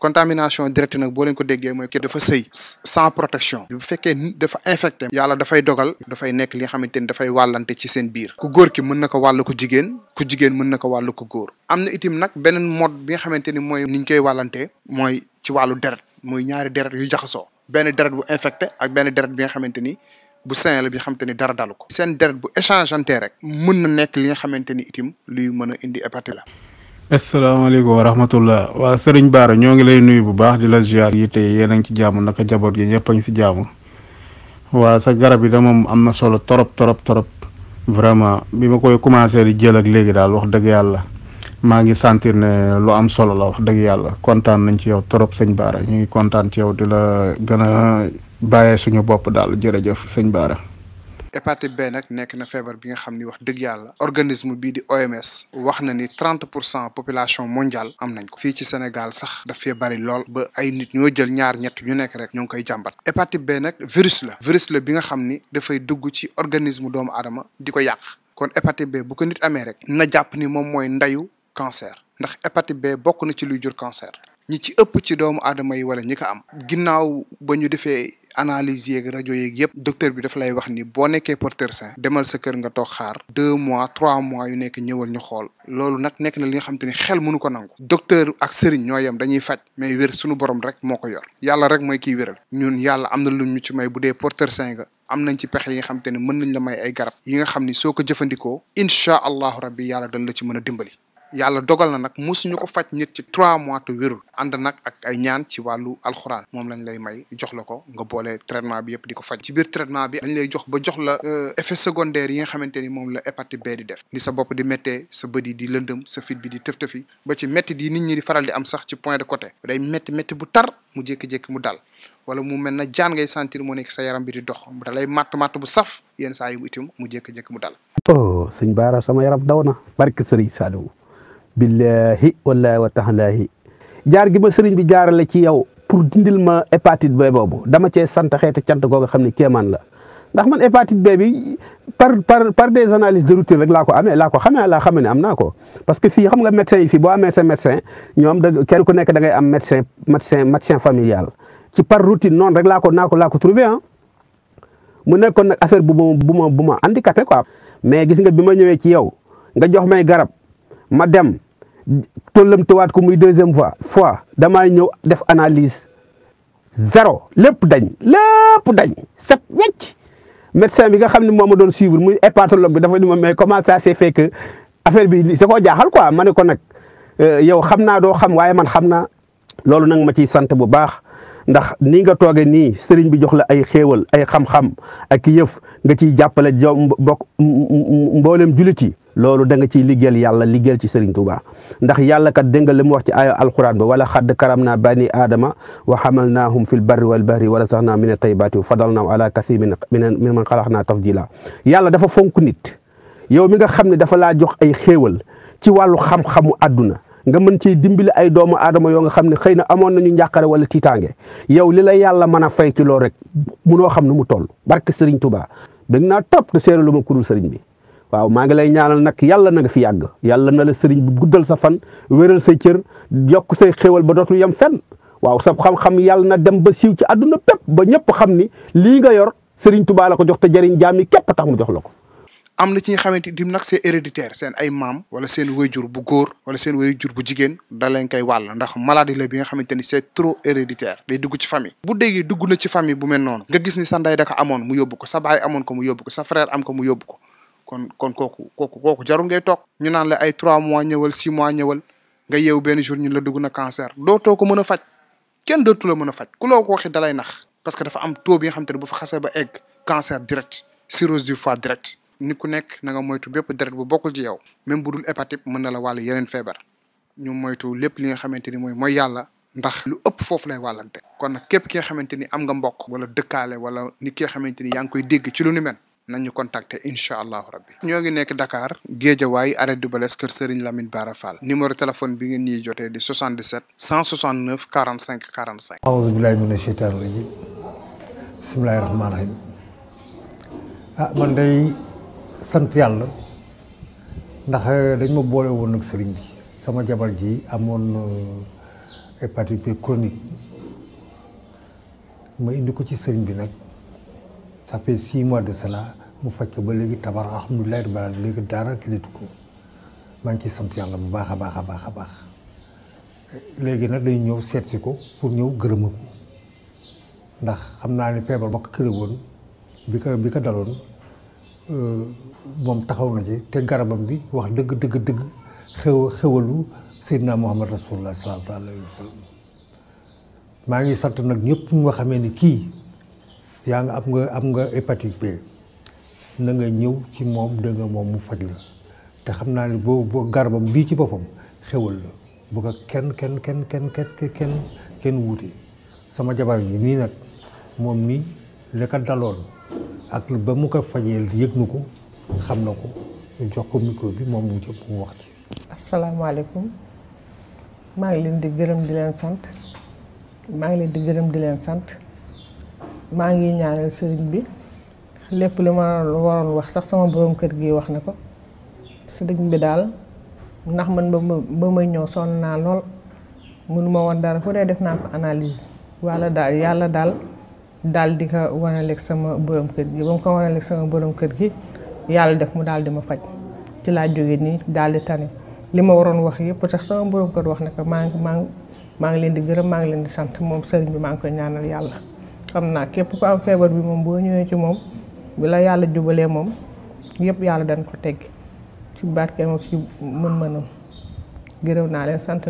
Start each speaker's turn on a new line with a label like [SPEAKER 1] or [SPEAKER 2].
[SPEAKER 1] contamination directe nak bo leen ko déggee moy kii dafa sëy sans protection bu fekkee dafa infecté yalla da fay dogal da fay nek li nga da fay walanté ci sen biir ku góor ki mën nako na ko jigen ku jigen mën nako mën ko wàll amna itim nak benen mode bi nga moy niñ koy walanté moy ci walu deret moy ñaari deret yu jaxaso ben deret bu infecté ak ben deret bi nga bu sain la bi xamanteni dara daluko sen seen deret bu échangeanté rek mën na nek li nga xamante itim luy mën indi hépatite la asalaamaaleykum wa rahmatullah waa sëriñ Baara ñoo ngi lay nuyu bu baax di la ziar yi tey yéen a ngi ci jàmm naka jaboot yi ñëpp a ngi jaamu waa sa garab yi da moom am na solo trop trop trop vraiment bi ma koy commencé di jël ak léegi daal wax dëgg yàlla maa ngi sentir ne lu am solo la wax dëgg yàlla kontaan nañ ci yow trop sëñ Baara ñu ngi kontaan ci yow di la gën a bàyyee suñu bopp daal jërëjëf sëñ Baara. hépatite B nak nek na feebar bi nga xamni wax dëgg yàlla organisme bi di OMS wax na ni 30% population mondiale am nañ ko fi ci Sénégal sax da fee bari lool ba ay nit ñoo jël ñaar ñet ñu nek rek ñong koy jambat hépatite B nak virus la virus la bi nga xamni da fay dugg ci organisme doomu adama diko ko kon hépatite B bu ko nit amé rek na japp ni mom moy ndayu cancer ndax hépatite B bokku na ci luy jur cancer ñi ci ëpp ci doomu aadama yi wala ñi ko am ginnaaw ba ñu defee analyse yeeg rajo yeeg yëpp docteur bi daf lay wax ni boo nekkee porteur sain demal sa kër nga toog xaar deux mois trois mois yu nekk ñëwal ñu xool loolu nag nekk na li nga xam te xel mënu ko nangu docteur ak sëriñ ñoo yem dañuy faj mais wér suñu borom rek moo ko yor yàlla rek mooy kiy wéral ñun yàlla am na lu ñu ci may bu dee porteur sain nga am nañ ci pexe yi nga xam te ne mën nañ la may ay garab yi nga xam ni soo ko jëfandikoo incha allahu rabbi yàlla dañ la ci mën a dimbali yàlla dogal na nag mosuñu ko faj nit ci trois mois te wérul ànd nag ak ay ñaan ci wàllu alxuraan moom lañ lay may jox la ko nga boole traitement bi yëpp di ko faj ci biir traitement bi dañ lay jox ba jox la euh, effet secondaire yi nga xamante ni moom la hépatite B def ni sa bopp di méttee sa bët yi di lëndëm sa fit bi di tëf-tëfi ba ci métti di nit ñi di faral di am sax ci point de côté day métti métti bu tar mu jékki-jékki mu dal wala mu mel na jaan ngay sentir nekk sa yaram bi di dox da lay matt matt bu saf yenn saa yi mu itam mu jékki-jékki mu dal.
[SPEAKER 2] oh sëñ Baara sama yaram daw na barke Sëriñ Saliou billaahi wallaahi wa taalaahi jaar gi ma sëriñ bi jaarale ci yow pour dindil ma hépatite B boobu dama cee sant xeet cant goo nga xam ne kéemaan la ndax man hépatite B bi par par par des analyses de routine rek laa ko amee laa ko xamee laa xamee ne am naa ko parce que fii xam nga médecin yi fii boo amee sa médecin ñoom da kenn ku nekk da ngay am médecin médecin médecin familial ci par routine noonu rek laa ko naa ko laa ko trouvé ah mu nekkoon nag affaire bu ma bu ma bu ma handicapé quoi mais gis nga bi ma ñëwee ci yow nga jox may garab ma dem tollamtewaat ko muy deuxième fois fois damaa ñëw def analyse zéro lépp dañ lépp dañ set wecc médecin bi nga xam ne moom ma doon suivre muy hépatologue bi dafa ni ma mais comment ça s'est affaire bi sa koo jaaxal quoi ma ne ko nag euh, yow xam naa doo xam waaye man xam naa loolu nag ma ciy sant bu baax ndax ni nga tooge nii sëriñ bi jox la ay xéewal ay xam-xam ak yëf nga ciy jàppale jo mbokk mboolem jullit loolu danga nga ciy liggéeyal yàlla liggéeyal ci Serigne tubaa ndax yàlla kat dégg nga mu wax ci ay alquran ba wala xadd karam naa bani aadama wa xamal naahum fil barri wal bahri wala sax naa min taybaati wa fadal naa ala kasi min min man xalax naa tafdila yàlla dafa fonk nit yow mi nga xam ne dafa laa jox ay xéewal ci wàllu xam-xamu àdduna nga mën ci dimbali ay doomu aadama yoo nga xam ne xëy na amoon nañu njàqare wala tiitaange yow li la yàlla mën a fay ci rek munoo xam nu mu toll barke Serigne Touba dégg naa topp te séeréer lu ma bi waaw maa ngi lay ñaanal nag yàlla na nga fi yàgg yàlla na la sëriñ bi guddal sa fan wéral sa cër yokk say xewal ba dootul yem fenn waaw sa xam-xam yàlla na dem ba siiw ci àdduna bépp ba ñëpp xam ni lii nga yor sëriñ Tuubaa la ko jox te jariñ jaam yi tax mu jox la ko.
[SPEAKER 1] am na ci nga xamante ni nag c'est héréditaire seen ay maam wala seen wayjur bu góor wala seen wayjur bu jigéen da leen koy wàll ndax maladie la bi nga xamante ni c'est trop héréditaire day dugg ci famille bu na ci famille bu mel noonu nga gis ni sa ndey da ko yóbbu ko sa amoon ko mu yóbbu ko sa am ko mu yóbbu ko kon kon kooku kooku kooku jarul ngay toog ñu naan la ay trois mois ñëwal six mois ñëwal nga yeew benn jour ñu la dugg na cancer dootoo ko mën a faj kenn dootu mën a faj ku loo ko waxee dalay nax parce que dafa am taux bi nga xam te ne bu fa xasee ba egg cancer direct cirrhose du foie direct nit ku nekk na nga moytu bépp deret bu bokkul ci yow même bu dul mën na la wàll yeneen feebar ñu moytu lépp li nga xamante ni mooy mooy yàlla ndax lu ëpp foofu lay wàllante kon nag képp ki nga xamante ni am nga mbokk wala dëkkaale wala nit ki nga xamante ni yaa ngi koy dégg ci lu nañu contacter incha allahu rabbi ñoo ngi nekk dakaar Guédiawaye arrêt du Balès kër Serigne Lamine Bara Fall numéro téléphone bi ngeen ñuy jotee di 77 169 45 45.
[SPEAKER 3] aouzu billahi mina sheytaani rajim bismillahi rahmaani rahim ah man day sant yàlla ndax eh, dañ ma boole woon ak sëriñ bi sama jabar ji amoon euh, hépatite B chronique ma indi ko ci sëriñ bi nag. ça fait six mois de cela mu fekk ba léegi tabar alhamdulilah ba léegi dara kilitu ko maa ngi ciy sant yàlla bu baax a baax a baax a baax léegi nag dañu ñëw seet si ko pour ñëw gërëma ko ndax xam naa ne feebar ba ko këri woon bi ko bi ko daloon euh, moom taxaw na ci te garabam bi wax dëgg dëgg dëgg xew xewalu Seydina Muhammad Rasulullah sallallahu alayhi wa sallam maa ngi sant nag ñëpp ñu nga xamee ni kii yaa nga am nga am nga hépatite B na nga ñëw ci moom dégg moom mu faj la te xam naa ni boo boo bii ci boppam xewal la bu ko kenn kenn kenn kenn kenn kenn kenn wuute sama jabar yi nii nag moom nii la ko daloon ak ba mu ko fajee yëg na ko xam na ko jox ko micro bi moom mu jëpp mu wax ci.
[SPEAKER 2] asalaamaaleykum maa ngi leen di gërëm di leen sant maa ngi leen di gërëm di leen sant. maa ngi ñaanal sëriñ bi lépp li ma waroon wax sax sama borom kër gi wax na ko sëriñ bi daal ndax man ba ma ba ma ñëw sonn naa lool mënu ma woon dara fu dee def naa ko analyse walla daal yàlla daal daal di ko wanaleeg sama borom kër gi ba ko wanaleeg sama borom kër gi yàlla def mu daal di ma faj ci laa jógee nii daal di tane li ma waroon wax yëpp sax sama borom kër wax na ko maa ngi maa ngi maa leen di gërëm maa ngi leen di sant moom sëriñ bi maa ngi koy ñaanal yàlla. xam naa képp ku am feebar bi moom boo ñëwee ci moom bi la yàlla jubalee moom yëpp yàlla dañ ko tegg ci barkeem ak ci mën-mënam gërëm naa leen sant naa